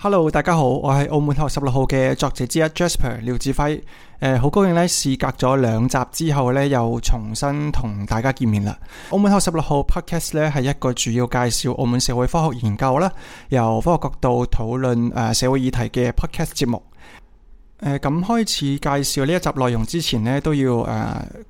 Hello，大家好，我係澳門學學十六號嘅作者之一 Jasper 廖志輝。誒、呃，好高興咧，事隔咗兩集之後咧，又重新同大家見面啦。澳門學學十六號 Podcast 咧係一個主要介紹澳門社會科學研究啦，由科學角度討論誒社會議題嘅 Podcast 節目。咁、呃、開始介紹呢一集內容之前呢都要誒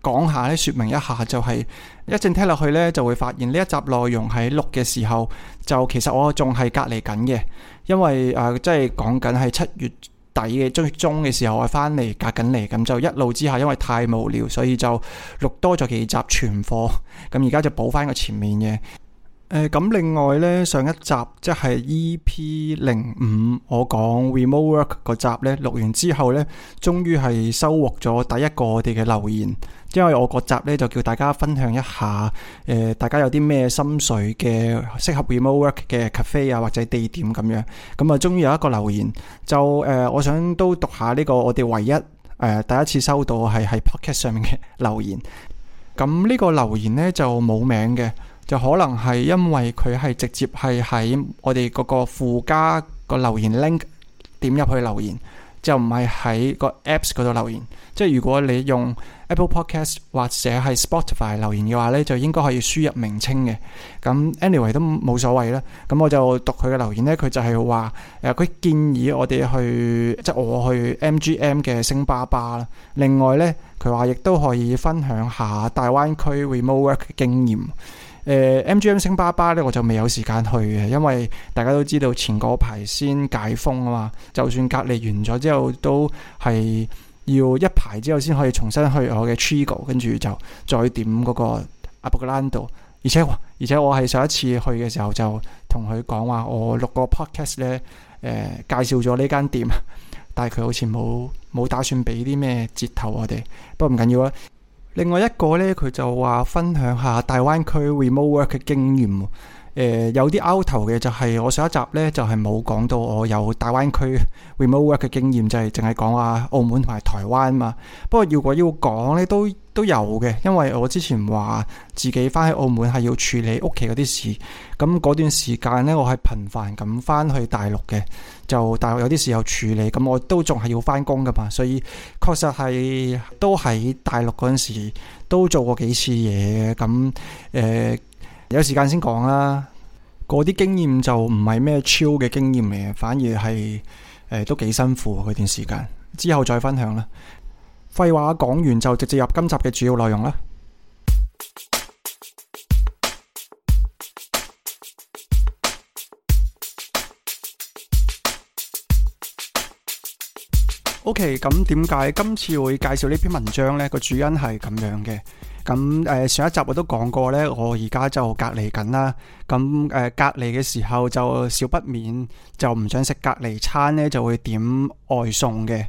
講、呃、下咧，說明一下就係、是、一陣聽落去咧，就會發現呢一集內容喺錄嘅時候就其實我仲係隔離緊嘅。因為誒、啊，即係講緊係七月底嘅、中月中嘅時候，我翻嚟隔緊嚟，咁就一路之下，因為太無聊，所以就錄多咗幾集存貨。咁而家就補翻個前面嘅。誒、呃，咁另外咧，上一集即係 E P 零五，我講 remote work 嗰集咧，錄完之後咧，終於係收獲咗第一個我哋嘅留言。因為我個集咧就叫大家分享一下，誒、呃，大家有啲咩心水嘅適合 remote work 嘅 cafe 啊，或者地點咁樣，咁啊，終於有一個留言就誒、呃，我想都讀下呢個我哋唯一誒、呃、第一次收到係喺 podcast 上面嘅留言。咁呢個留言咧就冇名嘅，就可能係因為佢係直接係喺我哋嗰個附加個留言 link 點入去留言。就唔係喺個 Apps 嗰度留言，即係如果你用 Apple Podcast 或者係 Spotify 留言嘅話咧，就應該可以輸入名稱嘅。咁 anyway 都冇所謂啦。咁我就讀佢嘅留言咧，佢就係話誒，佢建議我哋去即係、就是、我去 MGM 嘅星巴巴啦。另外咧，佢話亦都可以分享下大灣區 remote work 嘅經驗。誒、呃、MGM 星巴巴咧，我就未有時間去嘅，因為大家都知道前嗰排先解封啊嘛，就算隔離完咗之後，都係要一排之後先可以重新去我嘅 Trigo 跟住就再點嗰個阿布格蘭度。而且而且我係上一次去嘅時候就同佢講話，我錄個 podcast 咧誒介紹咗呢間店，但係佢好似冇冇打算俾啲咩折頭我哋，不過唔緊要啊。另外一個呢，佢就話分享下大灣區 remote work 嘅經驗。誒、呃、有啲 out 頭嘅就係我上一集呢，就係冇講到我有大灣區 remote work 嘅經驗，就係淨係講話澳門同埋台灣嘛。不過如果要講呢，都都有嘅，因為我之前話自己翻去澳門係要處理屋企嗰啲事，咁嗰段時間呢，我係頻繁咁翻去大陸嘅，就大陸有啲事要處理，咁我都仲係要翻工噶嘛，所以確實係都喺大陸嗰陣時都做過幾次嘢咁誒。有時間先講啦，嗰啲經驗就唔係咩超嘅經驗嚟，反而係誒、呃、都幾辛苦嗰段時間，之後再分享啦。廢話講完就直接入今集嘅主要內容啦。OK，咁點解今次會介紹呢篇文章呢？個主因係咁樣嘅。咁、呃、上一集我都講過咧，我而家就隔離緊啦。咁、呃、隔離嘅時候就少不免就唔想食隔離餐咧，就會點外送嘅。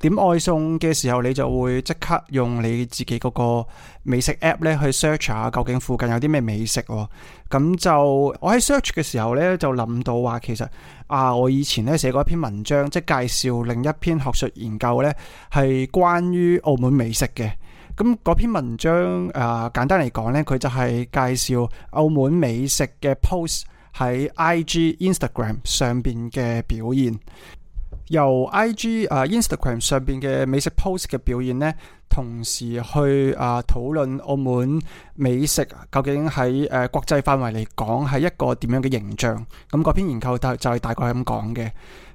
點外送嘅時候，你就會即刻用你自己嗰個美食 app 咧去 search 下、啊、究竟附近有啲咩美食、哦。咁就我喺 search 嘅時候咧，就諗到話其實啊，我以前咧寫過一篇文章，即介紹另一篇學術研究咧，係關於澳門美食嘅。咁嗰篇文章，呃、簡單嚟講呢佢就係介紹澳門美，美食嘅 post 喺 IG Instagram 上面嘅表現。由 IG、呃、Instagram 上面嘅美食 post 嘅表現呢。同時去啊討論澳門美食究竟喺誒國際範圍嚟講係一個點樣嘅形象？咁嗰篇研究就就係大概咁講嘅。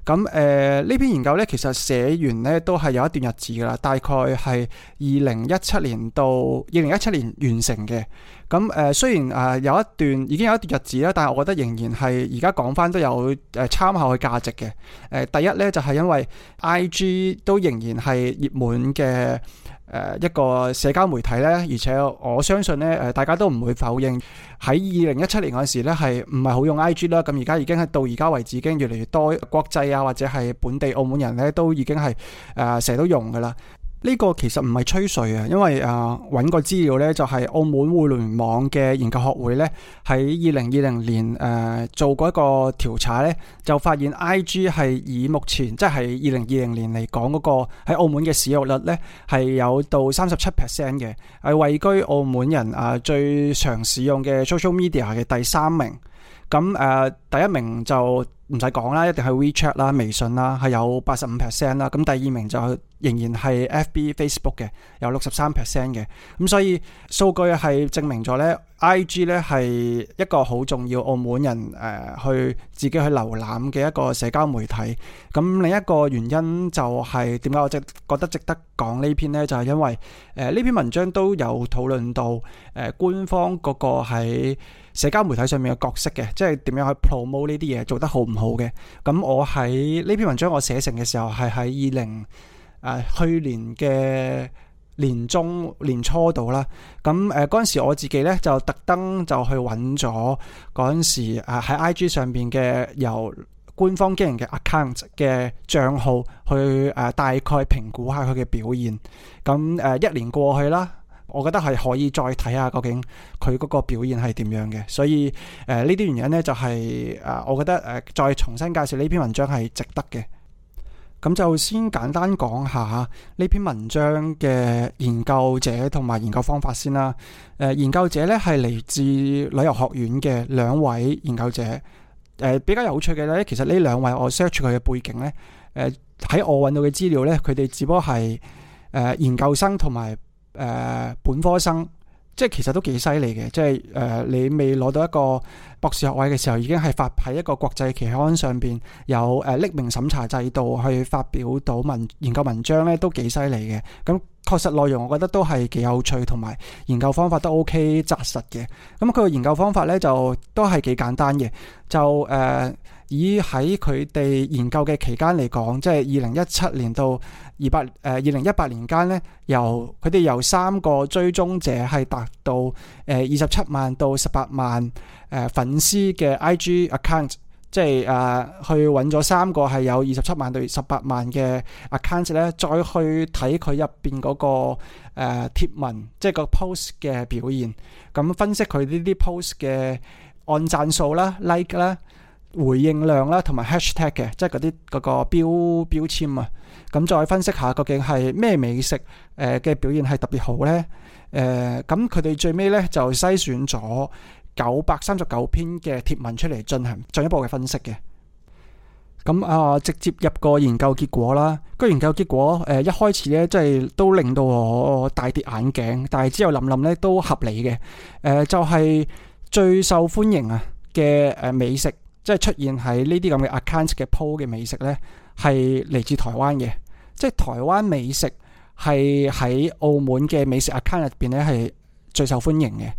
咁誒呢篇研究呢，其實寫完呢都係有一段日子㗎啦，大概係二零一七年到二零一七年完成嘅。咁誒、呃、雖然誒有一段已經有一段日子啦，但係我覺得仍然係而家講返都有誒參考嘅價值嘅、呃。第一呢，就係、是、因為 IG 都仍然係熱門嘅。誒一個社交媒體呢，而且我相信呢，誒大家都唔會否認喺二零一七年嗰陣時呢，係唔係好用 IG？啦？咁而家已經係到而家為止，已經越嚟越多國際啊，或者係本地澳門人呢，都已經係誒成日都用噶啦。呢、這個其實唔係吹水啊，因為誒搵個資料呢，就係、是、澳門互聯網嘅研究學會呢，喺二零二零年誒、呃、做過一個調查呢，就發現 I G 係以目前即係二零二零年嚟講嗰個喺澳門嘅使用率呢，係有到三十七 percent 嘅，係、啊、位居澳門人啊最常使用嘅 social media 嘅第三名。咁誒、啊，第一名就唔使講啦，一定係 WeChat 啦、微信啦，係有八十五 percent 啦。咁第二名就。仍然係 F B Facebook 嘅，有六十三 percent 嘅，咁所以數據係證明咗呢 I G 呢，係一個好重要澳門人誒去、呃、自己去瀏覽嘅一個社交媒體。咁另一個原因就係點解我值覺得值得講呢篇呢？就係、是、因為誒呢、呃、篇文章都有討論到誒、呃、官方嗰個喺社交媒體上面嘅角色嘅，即係點樣去 promote 呢啲嘢，做得好唔好嘅。咁我喺呢篇文章我寫成嘅時候係喺二零。誒，去年嘅年中年初度啦，咁誒嗰陣時我自己咧就特登就去揾咗嗰陣時誒喺 IG 上面嘅由官方經營嘅 account 嘅賬號去誒大概評估下佢嘅表現。咁誒一年過去啦，我覺得係可以再睇下究竟佢嗰個表現係點樣嘅。所以誒呢啲原因咧就係誒我覺得誒再重新介紹呢篇文章係值得嘅。咁就先簡單講下呢篇文章嘅研究者同埋研究方法先啦。uh，研究者呢係嚟自旅遊學院嘅兩位研究者。uh，比較有趣嘅呢，其實呢兩位我 search 佢嘅背景呢，uh，喺我揾到嘅資料呢，佢哋只不過係、uh，研究生同埋、uh，本科生，即係其實都幾犀利嘅。即係、uh，你未攞到一個。博士學位嘅時候已經係發喺一個國際期刊上邊，有誒匿名審查制度去發表到文研究文章咧，都幾犀利嘅。咁確實內容我覺得都係幾有趣，同埋研究方法都 OK 紮實嘅。咁佢嘅研究方法咧就都係幾簡單嘅。就誒、呃、以喺佢哋研究嘅期間嚟講，即係二零一七年到二百誒二零一八年間咧，由佢哋由三個追蹤者係達到誒二十七萬到十八萬。誒、呃、粉絲嘅 IG account，即係誒、呃、去揾咗三個係有二十七萬到十八萬嘅 account 咧，再去睇佢入邊嗰個誒、呃、貼文，即係個 post 嘅表現。咁分析佢呢啲 post 嘅按讚數啦、like 啦、回應量啦，同埋 hashtag 嘅，即係嗰啲嗰個標標籤啊。咁再分析下究竟係咩美食誒嘅表現係特別好咧？誒咁佢哋最尾咧就篩選咗。九百三十九篇嘅貼文出嚟進行進一步嘅分析嘅，咁、呃、啊直接入個研究結果啦。個研究結果，誒、呃、一開始咧即係都令到我大跌眼鏡，但係之後諗諗咧都合理嘅。誒、呃、就係、是、最受歡迎啊嘅誒美食，即係出現喺呢啲咁嘅 account 嘅 po 嘅美食咧，係嚟自台灣嘅，即係台灣美食係喺澳門嘅美食 account 入邊咧係最受歡迎嘅。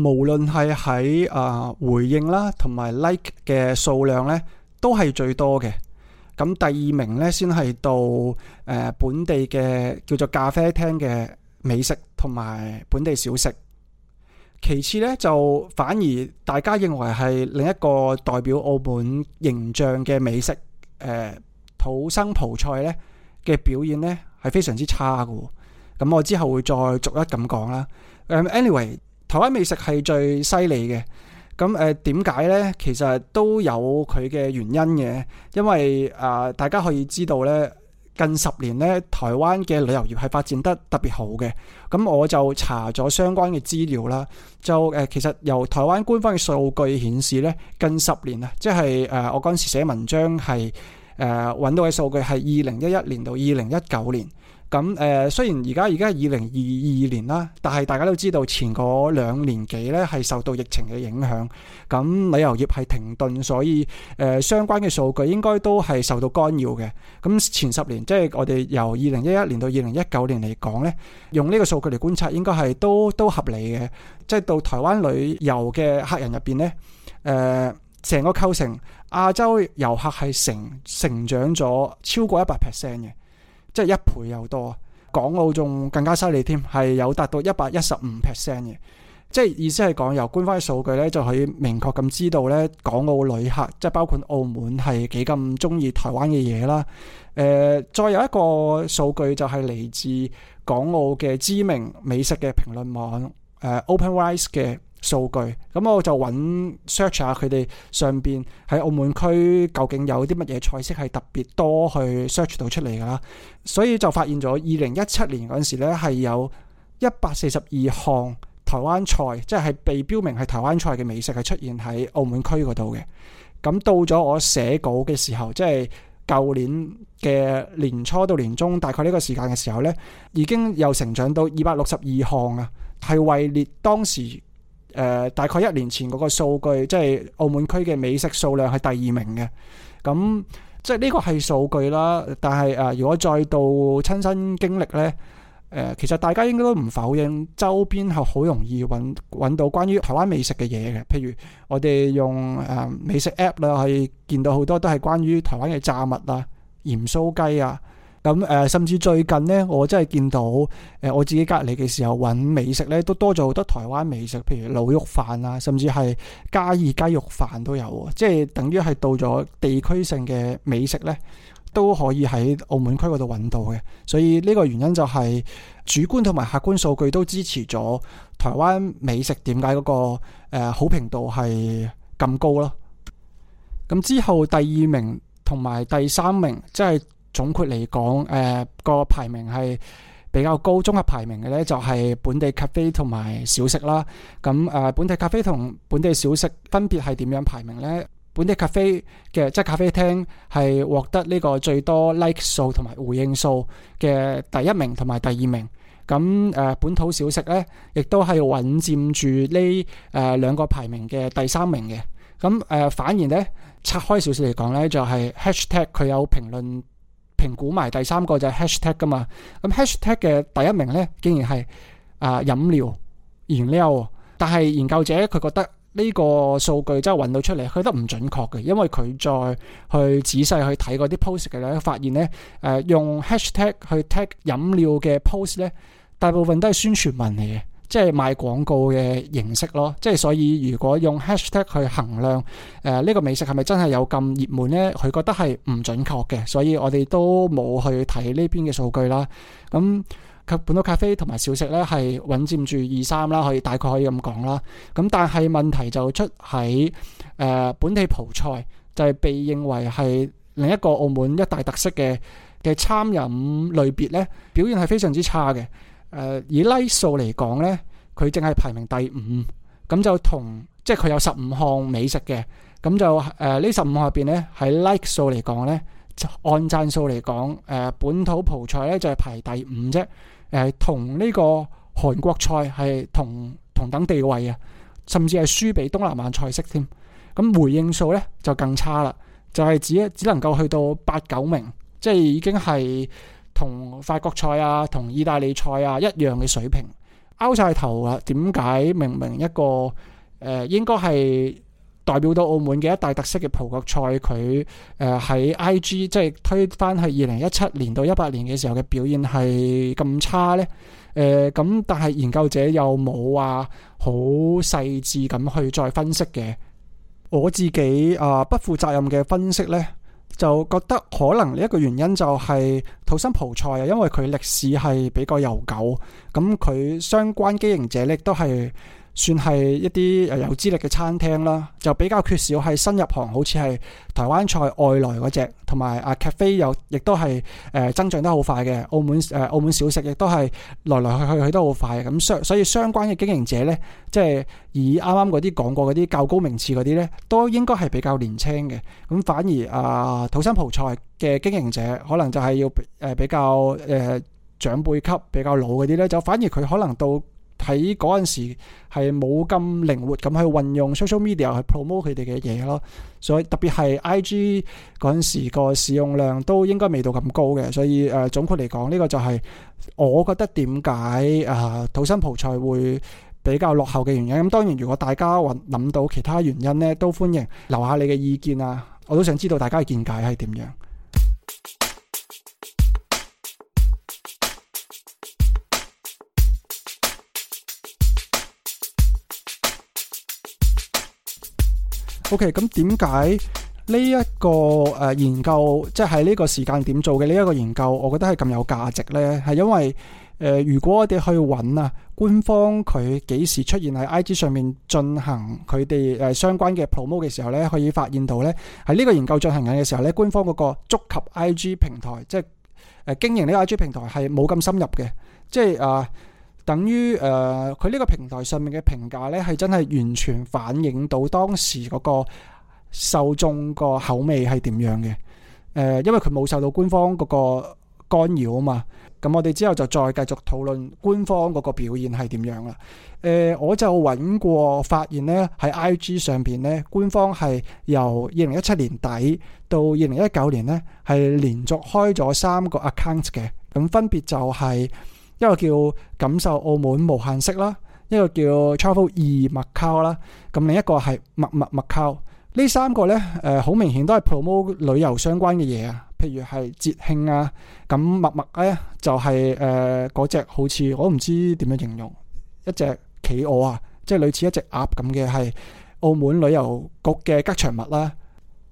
無論係喺誒回應啦，同埋 like 嘅數量呢，都係最多嘅。咁第二名呢，先係到誒本地嘅叫做咖啡廳嘅美食同埋本地小食。其次呢，就反而大家認為係另一個代表澳門形象嘅美食，誒土生葡菜呢嘅表現呢，係非常之差嘅。咁我之後會再逐一咁講啦。誒，anyway。台灣美食係最犀利嘅，咁誒點解呢？其實都有佢嘅原因嘅，因為啊、呃、大家可以知道咧，近十年咧台灣嘅旅遊業係發展得特別好嘅。咁我就查咗相關嘅資料啦，就誒、呃、其實由台灣官方嘅數據顯示咧，近十年啊，即係誒、呃、我嗰陣時寫文章係誒揾到嘅數據係二零一一年到二零一九年。咁誒，雖然而家而家係二零二二年啦，但係大家都知道前嗰兩年幾呢係受到疫情嘅影響，咁旅遊業係停頓，所以誒相關嘅數據應該都係受到干擾嘅。咁前十年，即係我哋由二零一一年到二零一九年嚟講呢，用呢個數據嚟觀察應該係都都合理嘅。即係到台灣旅遊嘅客人入邊呢，誒成個構成亞洲遊客係成成長咗超過一百 percent 嘅。即係一倍又多，港澳仲更加犀利添，係有達到一百一十五 percent 嘅，即係意思係講，由官方嘅數據咧，就可以明確咁知道咧，港澳旅客即係包括澳門係幾咁中意台灣嘅嘢啦。誒、呃，再有一個數據就係嚟自港澳嘅知名美食嘅評論網，誒 OpenRice 嘅。數據咁，我就揾 search 下佢哋上邊喺澳門區究竟有啲乜嘢菜式係特別多去 search 到出嚟噶啦，所以就發現咗二零一七年嗰陣時咧係有一百四十二項台灣菜，即係被標明係台灣菜嘅美食係出現喺澳門區嗰度嘅。咁到咗我寫稿嘅時候，即係舊年嘅年初到年中，大概呢個時間嘅時候咧，已經又成長到二百六十二項啊，係位列當時。誒、呃，大概一年前嗰個數據，即係澳門區嘅美食數量係第二名嘅，咁即係呢個係數據啦。但係誒、呃，如果再到親身經歷呢，誒、呃，其實大家應該都唔否認周邊係好容易揾到關於台灣美食嘅嘢嘅，譬如我哋用誒、呃、美食 app 啦，可以見到好多都係關於台灣嘅炸物啊、鹽酥雞啊。咁誒、呃，甚至最近呢，我真係見到誒、呃，我自己隔離嘅時候揾美食呢，都多咗好多台灣美食，譬如滷肉飯啊，甚至係嘉義雞肉飯都有，啊，即係等於係到咗地區性嘅美食呢，都可以喺澳門區嗰度揾到嘅。所以呢個原因就係主觀同埋客觀數據都支持咗台灣美食點解嗰個、呃、好評度係咁高咯。咁之後第二名同埋第三名即係。總括嚟講，誒、呃、個排名係比較高，綜合排名嘅咧就係本地咖啡同埋小食啦。咁、呃、誒本地咖啡同本地小食分別係點樣排名咧？本地咖啡嘅即係咖啡廳係獲得呢個最多 like 數同埋回應數嘅第一名同埋第二名。咁、呃、誒本土小食咧，亦都係穩佔住呢誒兩個排名嘅第三名嘅。咁、呃、誒反而咧拆開少少嚟講咧，就係、是、hashtag 佢有評論。評估埋第三個就係 hashtag 噶嘛，咁 hashtag 嘅第一名咧竟然係啊飲料飲料，哦、但係研究者佢覺得呢個數據真係揾到出嚟，佢覺得唔準確嘅，因為佢再去仔細去睇嗰啲 post 嘅咧，發現咧誒、呃、用 hashtag 去 tag 飲料嘅 post 咧，大部分都係宣傳文嚟嘅。即係賣廣告嘅形式咯，即係所以如果用 hashtag 去衡量，誒、呃、呢、這個美食係咪真係有咁熱門呢？佢覺得係唔準確嘅，所以我哋都冇去睇呢邊嘅數據啦。咁本土咖啡同埋小食呢，係穩佔住二三啦，3，可以大概可以咁講啦。咁但係問題就出喺誒、呃、本地葡菜，就係、是、被認為係另一個澳門一大特色嘅嘅餐飲類別呢，表現係非常之差嘅。誒以 like 數嚟講咧，佢淨係排名第五，咁就同即係佢有十五項美食嘅，咁就誒呢十五項入邊咧，喺、呃、like 數嚟講咧，按讚數嚟講，誒、呃、本土葡菜咧就係排第五啫，誒、呃、同呢個韓國菜係同同等地位啊，甚至係輸俾東南亞菜式添。咁回應數咧就更差啦，就係、是、只只能夠去到八九名，即係已經係。同法國菜啊，同意大利菜啊一樣嘅水平，拗晒頭啊！點解明明一個誒、呃、應該係代表到澳門嘅一大特色嘅葡國菜，佢誒喺 IG 即係推返去二零一七年到一八年嘅時候嘅表現係咁差呢？誒、呃、咁，但係研究者又冇話好細緻咁去再分析嘅，我自己啊、呃、不負責任嘅分析呢。就覺得可能呢一個原因就係土生葡菜啊，因為佢歷史係比較悠久，咁佢相關經營者咧都係。算係一啲有資歷嘅餐廳啦，就比較缺少係新入行，好似係台灣菜外來嗰隻，同埋啊 cafe 又亦都係誒增長得好快嘅。澳門誒澳門小食亦都係來來去去去得好快。咁相所以相關嘅經營者呢，即係以啱啱嗰啲講過嗰啲較高名次嗰啲呢，都應該係比較年輕嘅。咁反而啊土生葡菜嘅經營者，可能就係要比較誒、啊、長輩級比較老嗰啲呢，就反而佢可能到。喺嗰陣時係冇咁靈活咁去運用 social media 去 promote 佢哋嘅嘢咯，所以特別係 IG 嗰陣時個使用量都應該未到咁高嘅，所以誒總括嚟講呢個就係我覺得點解誒土生葡菜會比較落後嘅原因。咁當然如果大家話諗到其他原因咧，都歡迎留下你嘅意見啊！我都想知道大家嘅見解係點樣。O.K. 咁點解呢一個研究，即係呢個時間點做嘅呢一個研究，我覺得係咁有價值呢？係因為、呃、如果我哋去揾啊，官方佢幾時出現喺 I.G. 上面進行佢哋、啊、相關嘅 promo 嘅時候呢，可以發現到呢，喺呢個研究進行緊嘅時候呢，官方嗰個觸及 I.G. 平台，即係經營呢個 I.G. 平台係冇咁深入嘅，即係啊。等於誒，佢、呃、呢個平台上面嘅評價呢，係真係完全反映到當時嗰個受眾個口味係點樣嘅。誒、呃，因為佢冇受到官方嗰個干擾啊嘛。咁我哋之後就再繼續討論官方嗰個表現係點樣啦。誒、呃，我就揾過發現呢，喺 IG 上邊呢，官方係由二零一七年底到二零一九年呢，係連續開咗三個 account 嘅，咁分別就係、是。一個叫感受澳門無限式啦，一個叫 Travel2macao 啦，咁另一個係麥麥 Macao。呢三個咧，誒，好明顯都係 promote 旅遊相關嘅嘢啊，譬如係節慶啊。咁麥麥咧就係誒，嗰隻好似我唔知點樣形容，一隻企鵝啊，即係類似一隻鴨咁嘅，係澳門旅遊局嘅吉祥物啦。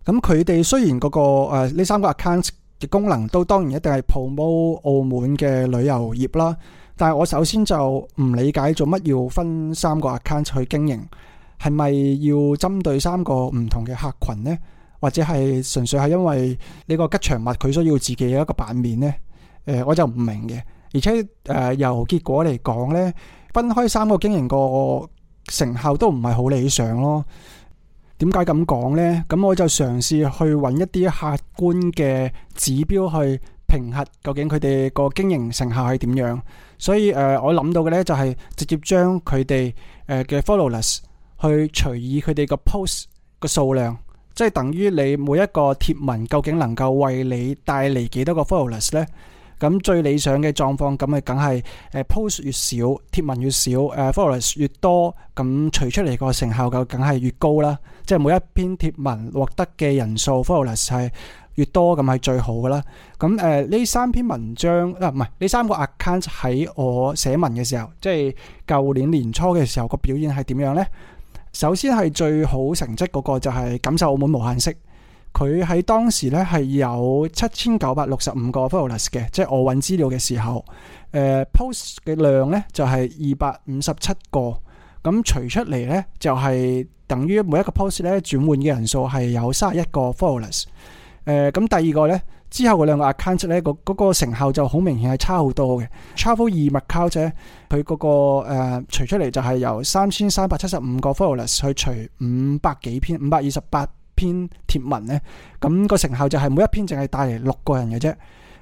咁佢哋雖然嗰個誒呢三個 account 嘅功能都當然一定係 promo 澳門嘅旅遊業啦，但係我首先就唔理解做乜要分三個 account 去經營，係咪要針對三個唔同嘅客群呢？或者係純粹係因為呢個吉祥物佢需要自己嘅一個版面呢？呃，我就唔明嘅。而且，呃，由結果嚟講呢，分開三個經營個成效都唔係好理想咯。點解咁講呢？咁我就嘗試去揾一啲客觀嘅指標去評核究竟佢哋個經營成效係點樣。所以誒，我諗到嘅呢就係直接將佢哋誒嘅 followers 去除以佢哋個 post 個數量，即係等於你每一個貼文究竟能夠為你帶嚟幾多個 followers 呢？咁最理想嘅狀況咁咪梗係誒 post 越少，貼文越少，誒 followers 越多，咁除出嚟個成效就梗係越高啦。即係每一篇貼文獲得嘅人數 followers 係越多，咁係最好噶啦。咁誒，呢三篇文章啊，唔係呢三個 account 喺我寫文嘅時候，即係舊年年初嘅時候，個表現係點樣咧？首先係最好成績嗰個就係感受澳門無限式，佢喺當時咧係有七千九百六十五個 followers 嘅，即係我揾資料嘅時候，誒 post 嘅量咧就係二百五十七個，咁除出嚟咧就係。等於每一個 post 咧轉換嘅人數係有三十一個 followers，誒咁、呃嗯、第二個咧，之後嗰兩個 account 咧、那個、嗰個成效就好明顯係差好多嘅。Travel2macao，佢嗰個、呃、除出嚟就係由三千三百七十五個 followers 去除五百幾篇五百二十八篇貼文咧，咁、那個成效就係每一篇淨係帶嚟六個人嘅啫。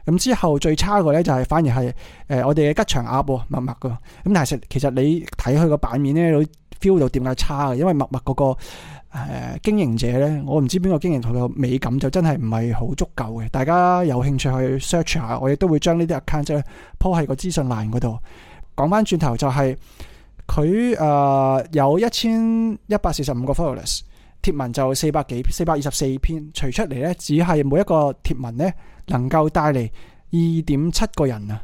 咁之後最差個咧就係反而係、呃、我哋嘅吉祥鴨默默嘅，咁但係其實你睇佢個版面咧，你 feel 到點解差嘅，因為默默嗰、個、呃、經營者咧，我唔知邊個經營，同個美感就真係唔係好足夠嘅。大家有興趣去 search 下，我亦都會將呢啲 account po 喺個資訊欄嗰度。講翻轉頭就係佢呃有一千一百四十五個 followers。貼文就四百幾四百二十四篇，除出嚟，呢，只係每一個貼文呢能夠帶嚟二點七個人啊，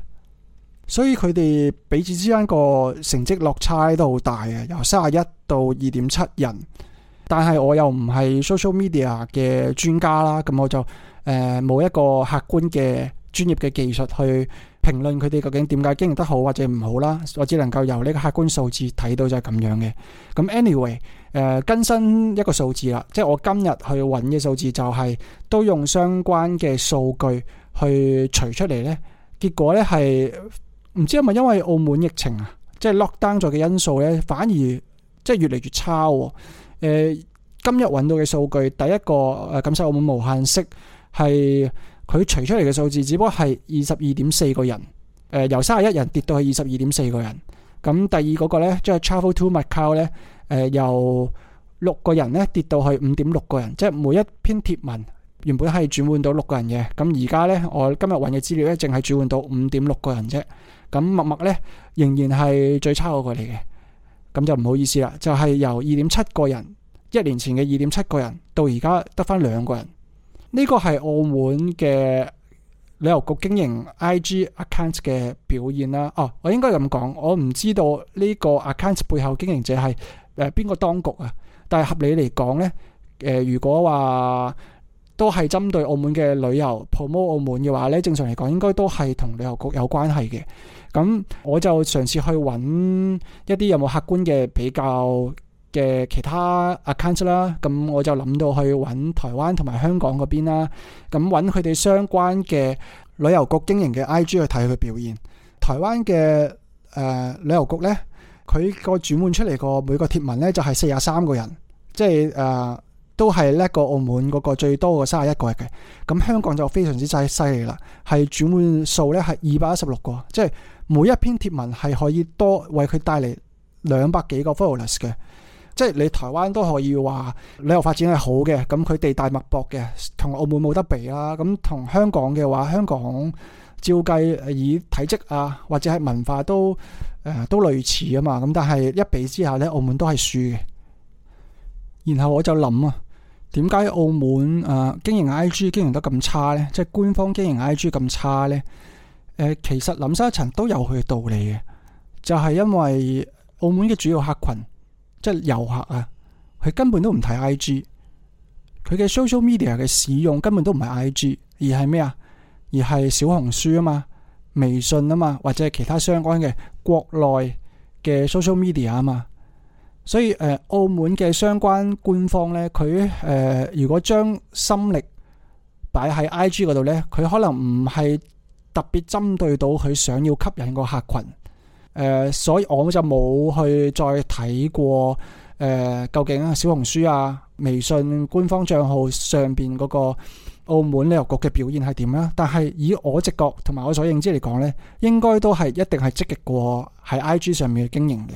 所以佢哋彼此之間個成績落差都好大啊，由三十一到二點七人。但係我又唔係 social media 嘅專家啦，咁我就誒冇、呃、一個客觀嘅專業嘅技術去評論佢哋究竟點解經營得好或者唔好啦。我只能夠由呢個客觀數字睇到就係咁樣嘅。咁 anyway。誒、呃、更新一個數字啦，即係我今日去揾嘅數字就係都用相關嘅數據去除出嚟呢，結果呢，係唔知係咪因為澳門疫情啊，即係 lockdown 咗嘅因素呢，反而即係越嚟越差喎，哦呃，今日揾到嘅數據，第一個誒感受澳門無限式係佢除出嚟嘅數字，只不過係二十二點四個人，呃、由三十一人跌到去二十二點四個人。咁第二嗰個呢，即係 Travel to Macau 呢。誒、呃、由六個人咧跌到去五點六個人，即係每一篇貼文原本係轉換到六個人嘅，咁而家呢，我今日揾嘅資料呢淨係轉換到五點六個人啫。咁默默呢，仍然係最差嗰個嚟嘅，咁就唔好意思啦。就係、是、由二點七個人一年前嘅二點七個人，到而家得返兩個人。呢個係澳門嘅旅遊局經營 IG account 嘅表現啦。哦，我應該咁講，我唔知道呢個 account 背後經營者係。誒、呃，邊個當局啊？但係合理嚟講呢，誒、呃，如果話都係針對澳門嘅旅遊 promote 澳門嘅話呢，正常嚟講應該都係同旅遊局有關係嘅。咁我就嘗試去揾一啲有冇客觀嘅比較嘅其他 account 啦。咁我就諗到去揾台灣同埋香港嗰邊啦。咁揾佢哋相關嘅旅遊局經營嘅 IG 去睇佢表現。台灣嘅誒旅遊局呢？佢個轉換出嚟個每個貼文咧，就係四十三個人，即係、呃、都係叻過澳門嗰個最多嘅三十一個人嘅。咁香港就非常之真係犀利啦，係轉換數咧係二百一十六個，即係每一篇貼文係可以多為佢帶嚟兩百幾個 followers 嘅。即係你台灣都可以話旅遊發展係好嘅，咁佢地大物博嘅，同澳門冇得比啦。咁同香港嘅話，香港。照計以體積啊，或者係文化都誒、呃、都類似啊嘛，咁但係一比之下呢，澳門都係輸嘅。然後我就諗啊，點解澳門誒、啊、經營 I G 經營得咁差呢？即係、就是、官方經營 I G 咁差呢？誒、呃，其實諗深一層都有佢嘅道理嘅，就係因為澳門嘅主要客群即係、就是、遊客啊，佢根本都唔睇 I G，佢嘅 social media 嘅使用根本都唔係 I G，而係咩啊？而係小紅書啊嘛、微信啊嘛，或者係其他相關嘅國內嘅 social media 啊嘛，所以誒、呃，澳門嘅相關官方呢，佢誒、呃、如果將心力擺喺 IG 嗰度呢，佢可能唔係特別針對到佢想要吸引個客群，誒、呃，所以我就冇去再睇過誒、呃，究竟啊小紅書啊、微信官方帳號上邊嗰、嗰個。澳門旅遊局嘅表現係點啦？但係以我直覺同埋我所認知嚟講呢應該都係一定係積極過喺 IG 上面嘅經營嘅。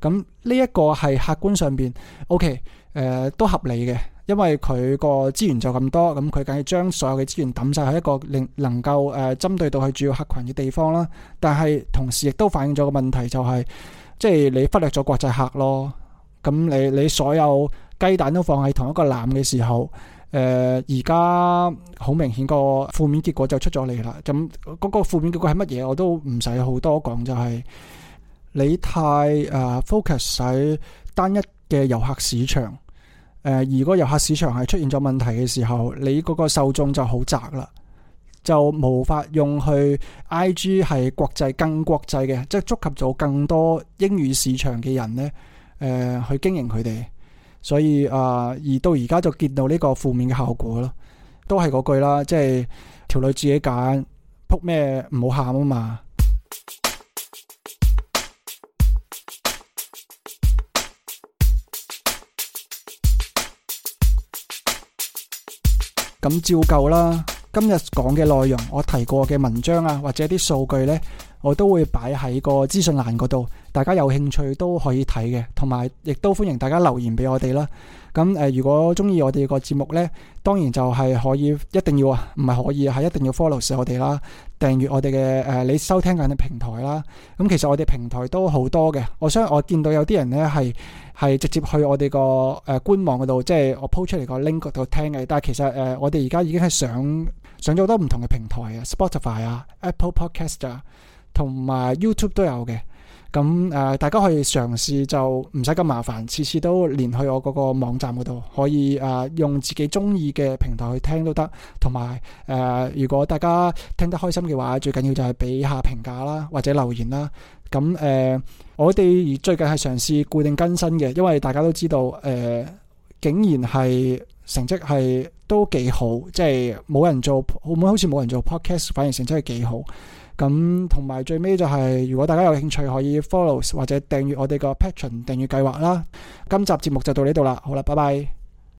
咁呢一個係客觀上邊，OK，誒、呃、都合理嘅，因為佢個資源就咁多，咁佢梗係將所有嘅資源抌晒喺一個令能夠誒針對到佢主要客群嘅地方啦。但係同時亦都反映咗個問題、就是，就係即係你忽略咗國際客咯。咁你你所有雞蛋都放喺同一個籃嘅時候。誒而家好明顯個負面結果就出咗嚟啦，咁嗰個負面結果係乜嘢我都唔使好多講，就係、是、你太誒 focus 喺單一嘅遊客市場，誒、呃、如果遊客市場係出現咗問題嘅時候，你嗰個受眾就好窄啦，就無法用去 IG 係國際更國際嘅，即係觸及咗更多英語市場嘅人咧，誒、呃、去經營佢哋。所以啊，而到而家就見到呢個負面嘅效果咯，都係嗰句啦，即係條女自己揀，撲咩唔好喊啊嘛！咁、嗯、照舊啦，今日講嘅內容，我提過嘅文章啊，或者啲數據呢，我都會擺喺個資訊欄嗰度。大家有興趣都可以睇嘅，同埋亦都歡迎大家留言俾我哋啦。咁誒、呃，如果中意我哋個節目呢，當然就係可以一定要啊,唔係可以係一定要 follow 我哋啦，訂閱我哋嘅誒你收聽緊嘅平台啦。咁、嗯、其實我哋平台都好多嘅。我相信我見到有啲人呢係係直接去我哋個誒官網嗰度，即係我鋪出嚟個 link 嗰度聽嘅。但係其實誒、呃、我哋而家已經係上上咗好多唔同嘅平台啊，Spotify 啊，Apple Podcast 同、啊、埋 YouTube 都有嘅。咁、呃、大家可以嘗試就唔使咁麻煩，次次都連去我嗰個網站嗰度，可以、呃、用自己中意嘅平台去聽都得。同埋、呃、如果大家聽得開心嘅話，最緊要就係俾下評價啦，或者留言啦。咁、呃、我哋最近係嘗試固定更新嘅，因為大家都知道、呃、竟然係成績係都幾好，即係冇人做，好似冇人做 podcast，反而成績係幾好。咁同埋最尾就係、是，如果大家有興趣，可以 follow 或者訂閱我哋個 Patreon 訂閱計劃啦。今集節目就到呢度啦，好啦，拜拜。